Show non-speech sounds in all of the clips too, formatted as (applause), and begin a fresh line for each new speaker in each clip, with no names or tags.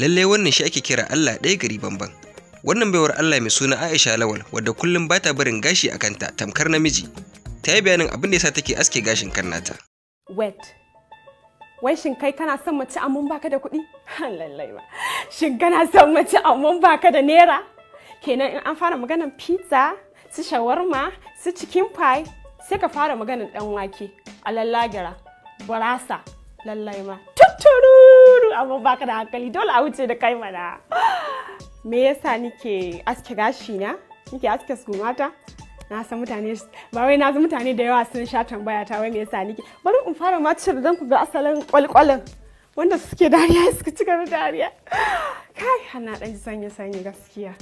lallai wannan shi ake kira Allah ɗaya gari bamban wannan baiwar Allah mai suna Aisha Lawal wadda kullum ba ta barin gashi a kanta tamkar namiji ta yi bayanin abin da sa take aske gashin kan nata wet wai shin kai kana son mace amma baka da kuɗi lallai ba shin kana son mace amma baka da naira kenan in an fara maganar pizza su shawarma su cikin pie sai ka fara maganar dan wake a lallagira barasa lallai ma amma baka da hankali dole a wuce da kai mana me yasa nike aske gashi na nike aske sumata na san mutane ba wai na san mutane da yawa sun sha tambaya ta wai me yasa nike bari in fara ma cire dan ku ga asalin kwalkwalin wanda suke dariya (laughs) suka cika da dariya kai hana dan sanya sanya gaskiya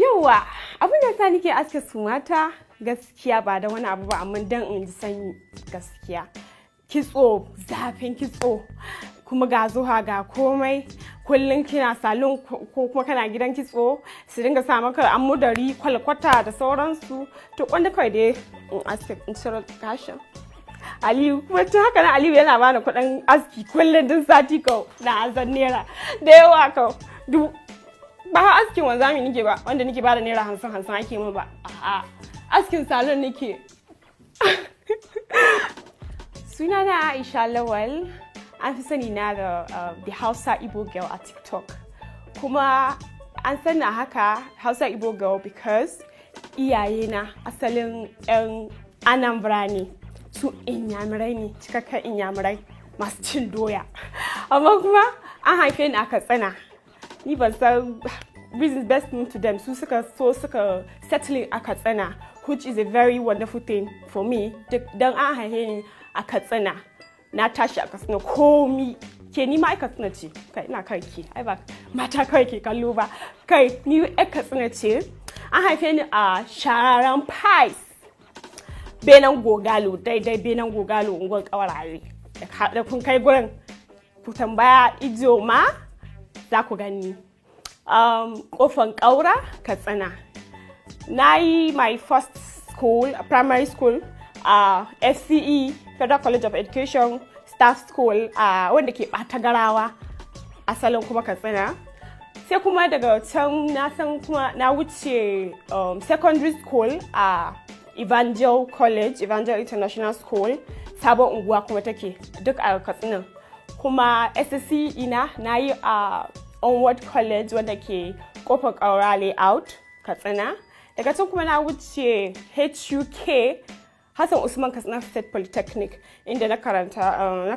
yawa abin da sa nike aske sumata gaskiya ba da wani abu ba amma dan in ji sanyi gaskiya kitso zafin kitso kuma ga zuwa ga komai kullum kina salon ko kuma kana gidan kitso su dinga sa maka amudari kwalkwata da sauransu to wanda kawai dai in aske in cire gashin Aliyu kuma ta haka na Aliyu yana bani kudin aski kullum din sati kau na azan naira da yawa kau du ba askin wanzami nike ba wanda nike ba da naira hamsin hamsin ake min ba a'a askin salon nike. (laughs) suna na Aisha Lawal an fi sani na da um, the hausa igbo girl a tiktok kuma an sanna haka hausa igbo girl because iyaye na asalin yan anambra ne su inyamurai ne cikakken inyamurai masu cin doya (laughs) amma kuma an haife ni a katsina ni ban san business best known to them su suka so suka settling a katsina which is a very wonderful thing for me don an haife ni a katsina na tashi a katsina komi ke ni ma katsina ce kai ina kan ke ai ba mata kawai ke kallo ba kai ni ai katsina ce an haife ni a Sharan pais benan gogalo daidai benan gogalo unguwar kawarare da kun kai gurin ku tambaya ijo ma za ku gani kofan um, kaura katsina na yi my first school primary school a uh, fce federal college of education staff school a wanda ke ɓata garawa asalin kuma katsina sai kuma daga can na san kuma na wuce um, secondary school a evangel college evangel international school sabon unguwa kuma take duk a katsina kuma ssc ina na yi a onward college wanda ke kofar ƙaura layout katsina daga can kuma na wuce huk Hassan Usman Katsina State Polytechnic inda na karanta uh,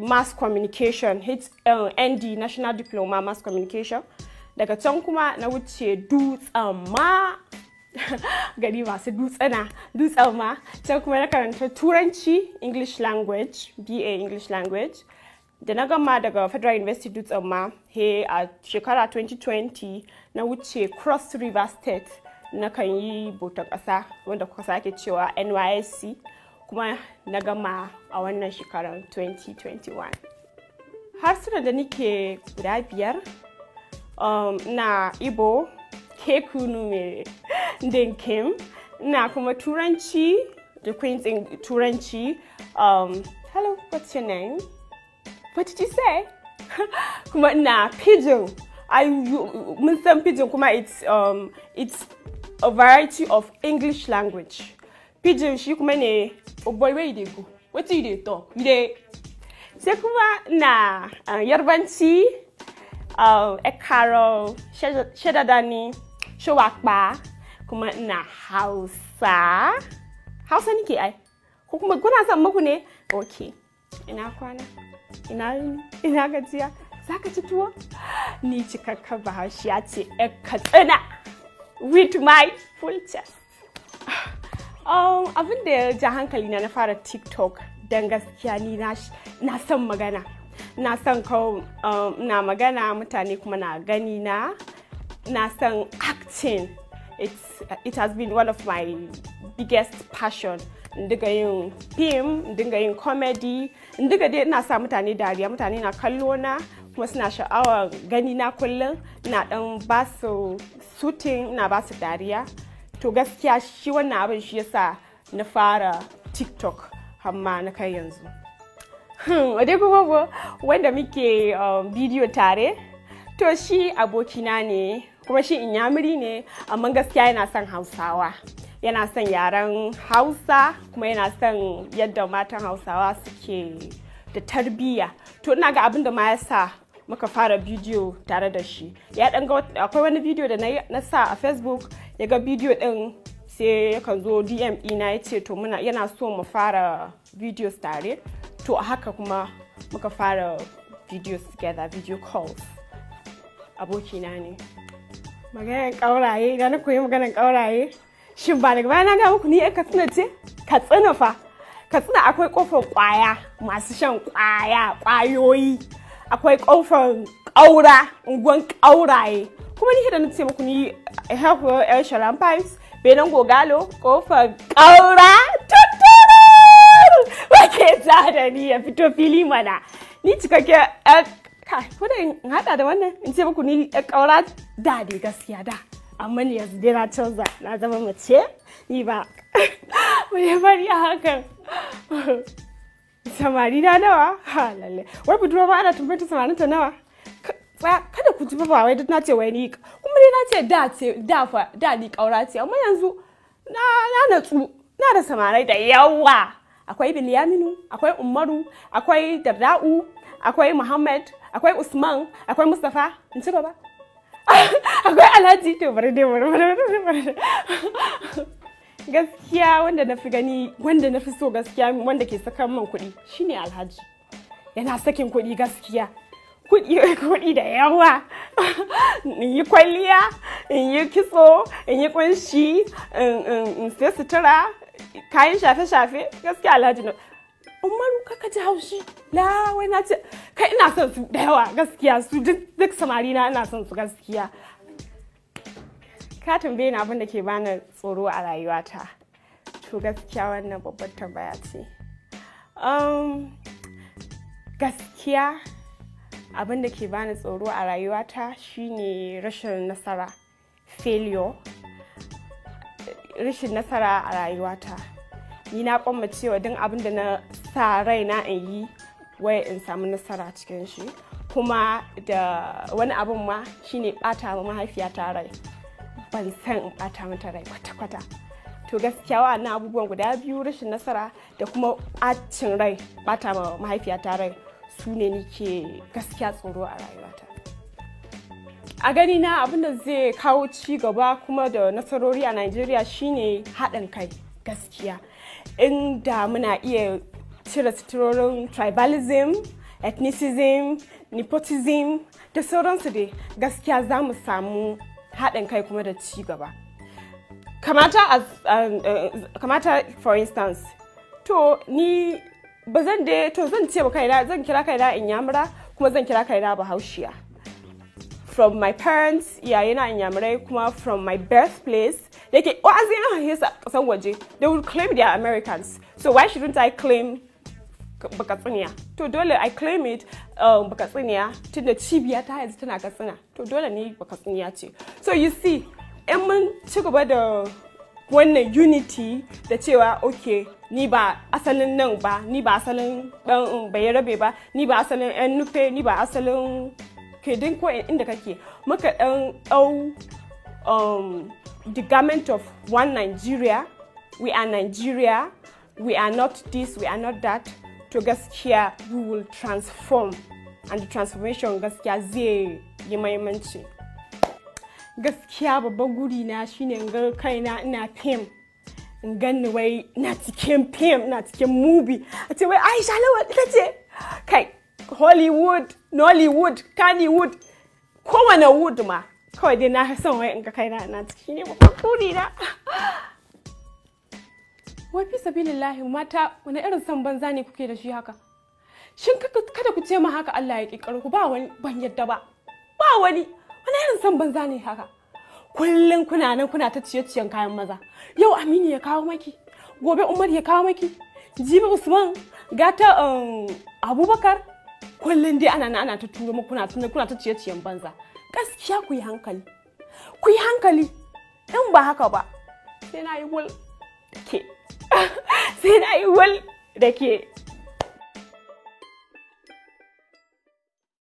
na Mass Communication ND National Diploma Mass Communication daga can kuma na wuce dutsen ma (laughs) gari masu dutsana dutsen ma can kuma na karanta turanci English language BA English language da na gama daga Federal University dutsen ma he a shekara 2020 na wuce Cross River State nakan yi bota ƙasa wanda kuka sake cewa nysc kuma na gama a wannan shekarar 2021 harsuna da nike guda biyar um, na ibo kekunu mere dinkim na kuma turanci da queen's turanci um, hello what's your name what did you say (laughs) kuma na pidgin mun san pidgin kuma it's, um, it's a variety of english language pidgin shi kuma ne boy, where you dey go wetin you dey talk you dey sai kuma na uh, yarbanci uh, ekaro shedadani shawakpa, kuma na hausa hausa nike ai ko kuma kuna son muku ne ok ina kwana ina yini ina gajiya za ka ci tuwo ni cikakken bahaushiya ce 'yan katsina with my full chest um, abin da ya ja hankali na na fara tiktok don gaskiya ni na son magana na son kawo um, na magana mutane kuma na gani na na son acting It's, it has been one of my biggest passion Ndiga yin film ndiga yin comedy ndiga dai na sa mutane dariya mutane na kallo na kuma suna sha'awar gani na kullum na dan ba su sutin na ba su dariya to gaskiya shi wannan abin shi yasa na fara tiktok amma na kai yanzu hmm, wadai kuma wanda muke um, bidiyo tare to shi abokina ne kuma shi inyamuri ne amma gaskiya yana son hausawa yana son yaren hausa kuma yana son yadda matan hausawa suke da tarbiyya to ina ga abin da ma ya sa muka fara bidiyo tare da shi ya dan ga akwai wani bidiyo da na sa a facebook ya ga bidiyo din sai yakan zo dm ina ya ce to muna yana so mu fara videos tare to a haka kuma muka fara videos together video calls abokina ne maganin kauraye da na koyi maganin kauraye shin ba daga bayan na ga muku ni ka katsina ce katsina fa katsina akwai kofar kwaya masu shan kwaya kwayoyi akwai kofar ƙaura unguwan ƙauraye kuma ni da na ce muku ni haihuwar yar sharan pipes benin gogalo kofar ƙaura tutturur wake ta da ni ya fito fili mana ni cikakke yar kai ko in hada da wannan in ce muku ni yar ƙaura da gaskiya da amma ni yanzu dai na canza na zama mace ni ba (laughs) mai bari a hakan (laughs) samari na nawa ha lalle wai budurwa ba ana tumbe ta samarin ta nawa kada ku ji ba wai duk na ce wai ni kuma dai na ce da ce da fa da ni kaura ce amma yanzu na na natsu na da samarai da yawa akwai Bilyaminu akwai Umaru akwai Darda'u akwai Muhammad akwai Usman akwai Mustafa in ci gaba (laughs) akwai Alhaji to bari dai bari bari bari (laughs) gaskiya wanda na fi gani wanda na fi so gaskiya wanda ke sakan man kuɗi shine alhaji yana sakin kuɗi gaskiya kuɗi da yawa (laughs) in yi kwalliya in yi kitso in yi kunshi in sai sutura kayan shafe-shafe gaskiya alhaji na umaru kaka ji haushi la wai na ce kai ina son su da yawa gaskiya su duk samari na ina son su gaskiya ka tambaye ni abin da ke bani tsoro a rayuwata to gaskiya wannan babbar tambaya ce um, gaskiya abin da ke bani tsoro a rayuwata shine rashin nasara failure rashin nasara a rayuwata ni na kwamma cewa duk abin da na sa rai na in yi wai in samu nasara cikin shi kuma da wani abin ma shine bata mahaifiyata rai ban san in bata mata rai kwata-kwata to gaskiya na abubuwan guda biyu rashin nasara da kuma acin rai bata ma mahaifiyata rai su ne nike gaskiya tsoro a rayuwata a gani na abin da zai kawo ci gaba kuma da nasarori a najeriya shine haɗin kai gaskiya inda muna iya cire suturorin tribalism ethnicism nepotism da sauransu dai gaskiya za mu samu haɗin kai kuma da ci gaba kamata um, uh, for instance to ni ba zan da to zan ce kaina zan kira kaina in yamura kuma zan kira kaina bahaushiya from my parents iyayena in yamurai kuma from my birthplace yake wa'azi na hanyar kasan waje they will claim they are americans so why shouldn't i claim tsiniya to dole i claim it um, baka tsiniya tunda cibiya ta yanzu tana ka tsina to dole ne tsiniya ce so you see in mun ci gaba da wannan unity da cewa ok ni ba asalin nan ba ni ba asalin dan bayarabe ba ni ba asalin yan nufe ni ba asalin kedin ko inda kake muka ɗan dau um, the garment of one nigeria we are nigeria we are not this we are not that to gaskiya you will transform and the transformation gaskiya zai yi mahimmanci gaskiya babban guri na shine ga kaina ina fim in ganni wai na cikin fim na cikin movie a ce wai aisha lawa ita ce kai hollywood nollywood kannywood kowane wood ma kawai dai na san wai in ga kaina ina cikin ne babban guri na wai fi lillahi mata wani irin san banza ne kuke da shi haka shin kada ku ce ma haka Allah ya kikar ku ba wani ban yadda ba ba wani wani irin san banza ne haka kullum kuna nan kuna ta ciye-ciyen kayan maza yau Aminu ya kawo maki gobe Umar ya kawo maki jibi Usman gata um, Abubakar kullum dai ana ana ta turo muku kuna kuna ta ciye-ciyen banza gaskiya ku yi hankali ku yi hankali in ba haka ba sai na yi gol ke (laughs) sai na yi wal